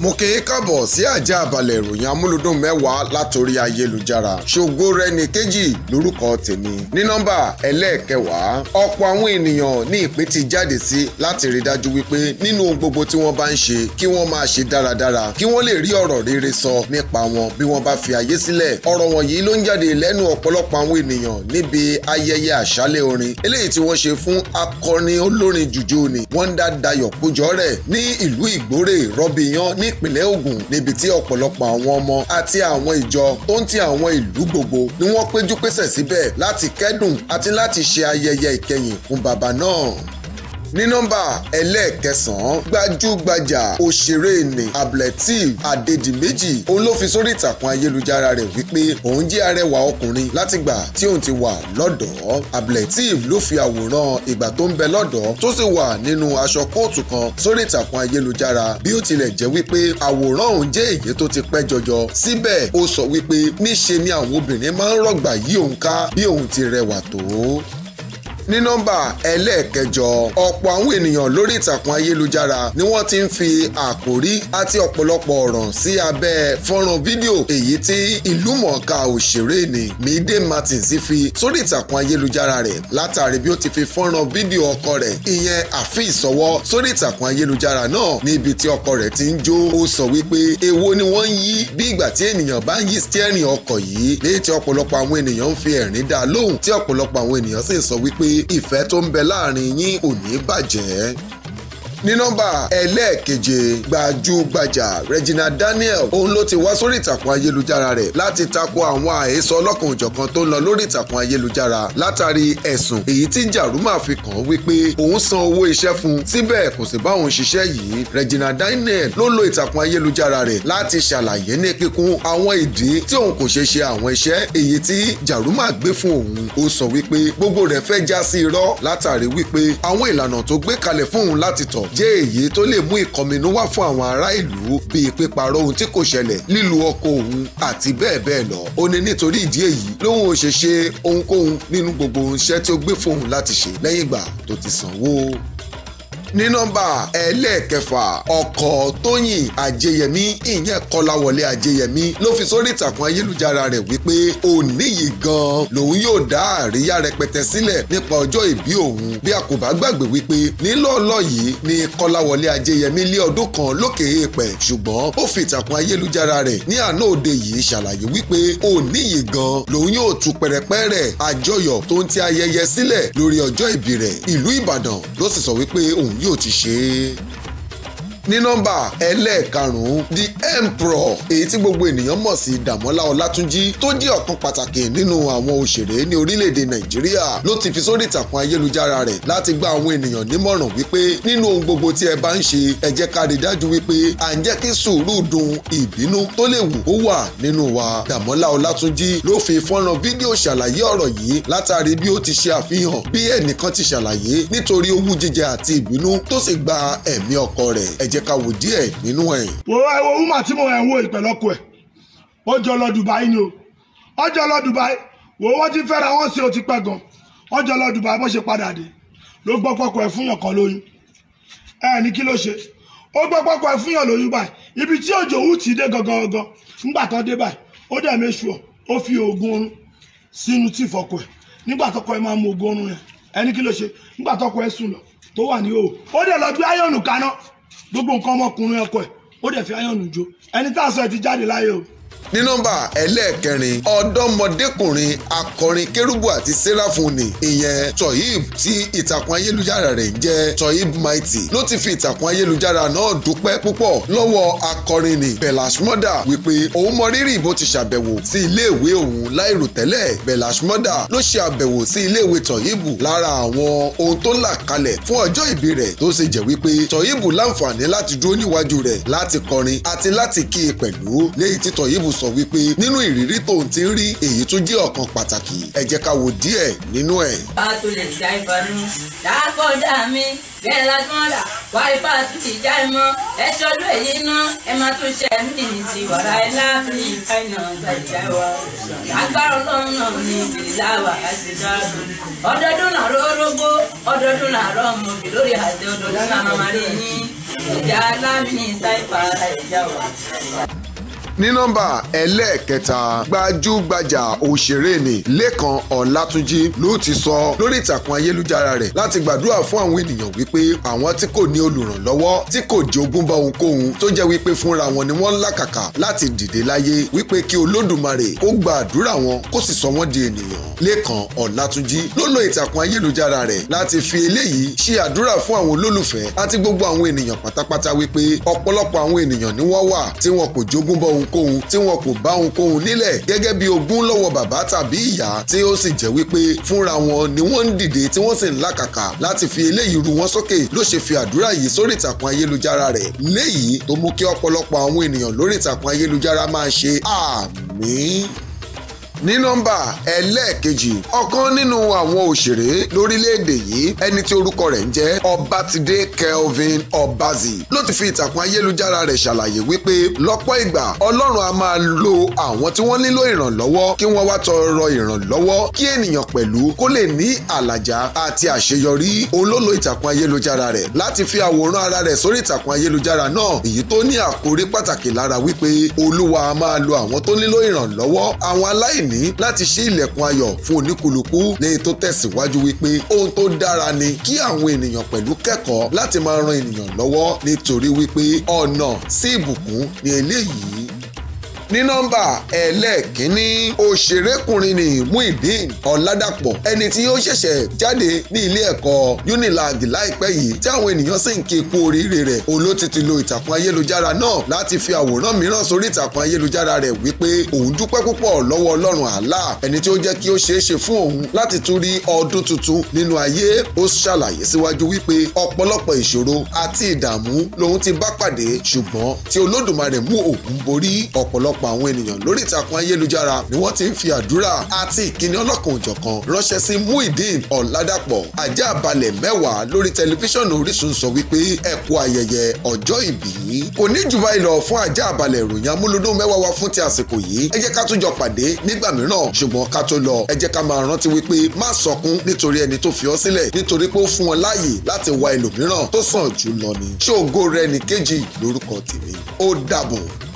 mo kì í káàbọ̀ sí àjà àbàlẹ̀ ìròyìn amúlùdùn mẹ́wàá látòrí ayélujára ṣògo rẹni kejì lórúkọ tèmi ní nọ́mbà ẹlẹ́ẹ̀kẹwàá ọ̀pọ̀ àwọn ènìyàn ní ìpín ti jáde sí láti rí dájú wípé nínú ohun gbogbo tí wọ́n bá ń ṣe kí wọ́n máa ṣe dáradára kí wọ́n lè rí ọ̀rọ̀ rere sọ nípa wọn bí wọ́n bá fi ayé sílẹ̀ ọ̀rọ̀ wọ̀nyí ló ń jáde lẹ́nu ọ̀pọ̀lọpọ̀ àwọn ènìyàn ni ìpínlẹ̀ Ògùn níbi tí ọ̀pọ̀lọpọ̀ àwọn ọmọ àti àwọn ìjọ tó ń ti àwọn ìlú gbogbo ni wọ́n péjú pésẹ̀ síbẹ̀ láti kẹ́dùn àti láti ṣe ayẹyẹ ìkẹyìn fún bàbá náà ní nọ́mbà ẹlẹ́ẹ̀kẹsàn-án gbajúgbajà òṣèré ni abletive adédìméjì òun ló fi sórí ìtàkùn ayélujára rẹ̀ wípé òun jẹ́ arẹwà ọkùnrin látìgbà tí òun ti wà lọ́dọ̀ọ́ abletive ló fi àwòrán ìgbà tó ń bẹ lọ́dọ̀ọ́ tó sì wà nínú aṣọ kóòtù kan sórí ìtàkùn ayélujára bí ó tilẹ̀ jẹ́ wípé àwòrán òun jẹ́ èyí tó ti pẹ́ jọjọ síbẹ̀ ó sọ wípé níṣe ni àwọn obìnrin máa ń rọ̀gbà yí òun ká bí òun ti rẹwà tó ní nọ́mbà ẹlẹ́ẹ̀kẹjọ ọ̀pọ̀ àwọn ènìyàn lórí ìtàkùn ayélujára ni wọ́n ti ń fi àkòrí àti ọ̀pọ̀lọpọ̀ ọ̀ràn sí abẹ́ fọ́nrán fídíò èyí tí ìlú mọ̀ọ́ká òṣèré ni Mide Martins fi sórí ìtàkùn ayélujára rẹ̀ látàrí bí ó ti fi fọ́nrán fídíò ọkọ rẹ̀ ìyẹn àfi ìsọwọ́ sórí ìtàkùn ayélujára náà ní ibi tí ọkọ rẹ̀ ti ń jó ó sọ wípé èwo ni wọ́n ń yí bí ìgbà tí ènìyàn bá ń yí stẹ́rìn ọkọ̀ yìí léyìí tí ọ̀pọ̀lọpọ̀ àwọn ènìyàn ń fi ẹ̀rín dá lóhùn tí ọ̀pọ̀lọpọ̀ àwọn ènìyàn sì sọ wípé ìfẹ́ tó ń bẹ láàrin yín ò ní bàjẹ́ ní nọ́mbà ẹlẹ́ẹ̀keje gbajúgbajà Regina Daniel òun ló ti wá sórí ìtàkùn ayélujára rẹ̀ láti tako àwọn àhesọ ọlọ́kan òjọ̀kan tó ń lọ lórí ìtàkùn ayélujára látàrí ẹ̀sùn èyí tí Jaruma fi kàn wípé òun san owó iṣẹ́ fún síbẹ̀ kò sì bá òun ṣiṣẹ́ yìí Regina Daniel ló lo ìtàkùn ayélujára rẹ̀ láti ṣàlàyé ní kíkún àwọn ìdí tí òun kò ṣe ṣe àwọn iṣẹ́ èyí tí Jaruma gbé fún òun ó sọ wípé gbogbo rẹ̀ fẹ́ já sí irọ́ látàrí wípé àwọn ìlànà tó gbé kalẹ̀ fún òun láti tọ̀ jẹ́ èyí tó lè mú ìkọminú wá fún àwọn ará ìlú bíi píparọ́ ohun tí kò ṣẹlẹ̀ lílu ọkọ òun àti bẹ́ẹ̀ bẹ́ẹ̀ lọ ó ní nítorí ìdí èyí lóhun ò ṣe ṣe ohunkóhun nínú gbogbo iṣẹ́ tí ó gbé fóun láti ṣe lẹ́yìn ìgbà tó ti sanwó ní nọ́mbà ẹlẹ́ẹ̀kẹfà ọkọ̀ tóyìn àjẹyẹmí ìyẹn kọláwọlé àjẹyẹmí ló fi sórí ìtàkùn ayélujára rẹ̀ wípé òní yìí gan lòun yóò dá àríyá rẹpẹtẹ sílẹ̀ nípa ọjọ́ ìbí òun bí a kò bá gbàgbé wípé nílọ́ọ̀lọ́ yìí ni kọláwọlé àjẹyẹmí lé ọdún kan lókè èèpẹ̀ ṣùgbọ́n ó fi ìtàkùn ayélujára rẹ̀ ní àná òde yìí ṣàlàyé wípé òní yìí gan lòun yóò tú pẹ̀rẹ̀pẹ̀rẹ̀ àjọyọ̀ tó ń ti ayẹyẹ sílẹ̀ lórí ọjọ́ ìbí rẹ̀ ìlú ìbàdàn ló sì sọ wípé òun yóò ti ṣe é ní nọ́mbà ẹlẹ́ẹ̀karùn-ún the emperor èyí tí gbogbo ènìyàn mọ̀ sí Dàmọ́lá Ọlátúnjí tó jẹ́ ọ̀kan pàtàkì nínú àwọn òṣèré ní orílẹ̀-èdè Nàìjíríà ló ti fi sórí ìtàkùn ayélujára rẹ̀ láti gba àwọn ènìyàn nímọ̀ràn wípé nínú ohun gbogbo tí ẹ bá ń ṣe ẹ jẹ́ ká rí dájú wípé à ń jẹ́ kí sùúrù dun ìbínú tó lè wù ó wà nínú wa Dàmọ́lá Ọlátúnjí ló fi fọ́nrán fídíò ṣàlàyé ọ̀rọ̀ yìí látàrí bí ó ti ṣe àfihàn bí ẹnìkan ti ṣàlàyé nítorí owú jíjẹ àti ìbínú tó sì gba ẹ̀mí ọkọ rẹ̀ ẹ jẹ́ jẹ́ wò díẹ̀ nínú ẹ̀. wo ẹwọ wúmà tí mo ẹ̀ wo ìpẹ̀lọ́kọ ẹ̀ ó jọ lọ Dubai ni o ó jọ lọ Dubai wo wọ́n ti fẹ́ra wọ́n sí o ti pẹ́ gan ó jọ lọ Dubai bó ṣe padà dé ló gbọ́ pọ́kọ̀ ẹ̀ fún yàn kan lóyún ẹ ní kí ló ṣe ó gbọ́ pọ́kọ̀ ẹ̀ fún yàn lóyún báyìí ibi tí òjò wù ti dé gangan nígbà tó dé báyìí ó dẹ̀ méṣù ọ̀ ó fi oògùn oorun sínú tí ìfọkọ̀ ẹ̀ nígbà tọkọ ẹ̀ máa mu oògùn oorun yẹn ẹni kí ló ṣe nígbà tọkọ ẹ̀ sùn lọ tó wà ní òò ó dẹ̀ lọ gbé áyọ̀nù kaná gbogbo nǹkan ọmọkùnrin ọkọ ẹ̀ ó dẹ̀ fi ayọ̀nù jó ẹni tá a sọ ẹ ti jáde láyé o ní nọ́mbà ẹlẹ́ẹ̀kẹrin ọ̀dọ́mọdékùnrin akọrin kérúbù àti sẹ́ráfù ni ìyẹn toyib tí ìtàkùn ayélujára rẹ̀ ń jẹ́ toyib mighty ló ti fi ìtàkùn ayélujára náà dúpẹ́ púpọ̀ lọ́wọ́ akọrin ni belashmoda wípé òun mọ rírì bó ti ṣàbẹ̀wò sí iléèwé òun láìrò tẹ́lẹ̀ belashmoda ló ṣe àbẹ̀wò sí iléèwé toyib lára àwọn ohun tó là kalẹ̀ fún ọjọ́ ìbí rẹ̀ tó ṣe jẹ́ wípé toyib láǹfààní láti dúró níwájú rẹ̀ láti kọrin àti láti kí i pẹ̀lú léyìí tí toyib sọ wípé nínú ìrírí tóun ti rí èyí tó jẹ́ ọ̀kan pàtàkì ẹ jẹ́ ká wo díẹ̀ nínú ẹ̀. bá a tó lè já ìbọnú mi bẹ́ẹ̀ la rà wá ipá tún ti já ẹ mọ́ èyí ná ẹ máa tún ṣe ẹ̀mí nìyí sí wàrà ẹ láàfin ìka iná gbàjá wa agbára ọlọ́run náà ní ìbìlá wà á dáàbò ọdọọdún náà rórógbó ọdọọdún náà rọ ọmọbì lórí àjọ ọdọọdún náà máa rí yín ìjà aláàmì ní sáìpà ìjà wà ní nọ́mbà ẹlẹ́ẹ̀kẹta gbajúgbajà òṣèré ni Lékan Ọlátúnjí ló ti sọ lórí ìtàkùn ayélujára rẹ̀ láti gbàdúrà fún àwọn ènìyàn wípé àwọn tí kò ní olùrànlọ́wọ́ tí kò jogún bá ohunkóhun tó jẹ́ wípé fúnra wọn ni wọ́n ń làkàkà láti dìde láyé wípé kí Olódùmarè kó gba àdúrà wọn kó sì sọ wọ́n di ènìyàn Lékan Ọlátúnjí ló lo ìtàkùn ayélujára rẹ̀ láti fi eléyìí ṣe àdúrà fún àwọn olólùfẹ́ àti gbogbo àwọn ènìyàn pátápátá wípé ọ̀pọ̀lọpọ̀ àwọn ènìyàn ni wọ́n wà tí wọn kò jogún bá ohun ohunkóhun tí wọn kò bá ohunkóhun nílẹ̀ gẹ́gẹ́ bí ogún lọ́wọ́ bàbá tàbí ìyá tí ó sì jẹ́ wípé fúnra wọn ni wọ́n ń dìde tí wọ́n sì ń làkàkà láti fi eléyìí ru wọn sókè ló ṣe fi àdúrà yìí sórí ìtàkùn ayélujára rẹ̀ léyìí tó mú kí ọ̀pọ̀lọpọ̀ àwọn ènìyàn lórí ìtàkùn ayélujára máa ṣe àmín ní nọ́mbà ẹlẹ́ẹ̀kejì ọ̀kan nínú àwọn òṣèré lórílẹ̀‐èdè yìí ẹni tí orúkọ rẹ̀ ń jẹ́ ọbátidé kelvin ọbazi ló ti fi ìtàkùn ayélujára rẹ̀ ṣàlàyé wípé lọ́pọ̀ ìgbà ọlọ́run a máa lo àwọn tí wọ́n nílò ìrànlọ́wọ́ kí wọ́n wá tọrọ ìrànlọ́wọ́ kí ènìyàn pẹ̀lú kó lè ní àlàjá àti àṣeyọrí olólo ìtàkùn ayélujára rẹ̀ láti fi àwòrán ara rẹ̀ sórí ìtàkùn ayélujára náà èyí tó ní àkórí pàtàkì lára wípé olúwa a máa lo àwọn tó nílò ìrànlọ́wọ́ àwọn aláìní ní láti ṣí ilẹ̀kùn ayọ̀ fún oníkúlùkù lẹ́yìn tó tẹ̀síwájú wípé ohun tó dára ni kí àwọn ènìyàn pẹ̀lú kẹ́kọ̀ọ́ láti máa ran ènìyàn lọ́wọ́ nítorí wípé ọ̀nà sí ìbùkún ni eléyìí ní nọ́mbà ẹlẹ́ẹ̀kínní òṣèrékùnrin ni Muideen Ọ̀làdàpọ̀ ẹni tí ó ṣẹ̀ṣẹ̀ jáde ní ilé ẹ̀kọ́ Unilag láìpẹ́ yìí tí àwọn ènìyàn sì ń kí ikú oríire rẹ̀ olóòtú ti lo ìtàkùn ayélujára náà láti fi àwòrán mìíràn sórí ìtàkùn ayélujára rẹ̀ wípé òun dúpẹ́ púpọ̀ lọ́wọ́ Ọlọ́run àlá ẹni tí ó jẹ́ kí ó ṣeéṣe fún òun láti tún rí ọdún tuntun nínú ayé ó ṣàlàyé síwájú wípé ọ̀pọ̀lọpọ̀ ìṣòro àti ìdààmú lòun ti bá pàdé ṣùgbọ́n tí Olódùmarè mú òun borí ọ̀pọ̀lọpọ̀ ọ̀pọ̀lọpọ̀ àwọn ènìyàn lórí ìtàkùn ayélujára ni wọ́n ti ń fi àdúrà àti ìkíni ọlọ́kan òjọ̀kan ránṣẹ́ sí Muideen Ọ̀làdàpọ̀ ajá balẹ̀ mẹ́wàá lórí tẹlifíṣàn Orísun sọ wípé ẹ kú ayẹyẹ ọjọ́ ìbí kò ní jù báyìí lọ fún ajá balẹ̀ ìròyìn amúlùdún mẹ́wàá wa fún ti àsìkò yìí ẹ jẹ́ ká tún jọ pàdé nígbà mìíràn ṣùgbọ́n ká tó lọ ẹ jẹ́ ká máa rántí wípé má sọkún nítorí ẹni tó fi ọ́ sílẹ̀ nítorí pé ó fún ọ láàyè láti wá ẹlòmíràn tó sàn jù lọ ni ṣé ògo rẹ nìkejì lórúkọ tèmi ó dàbọ̀.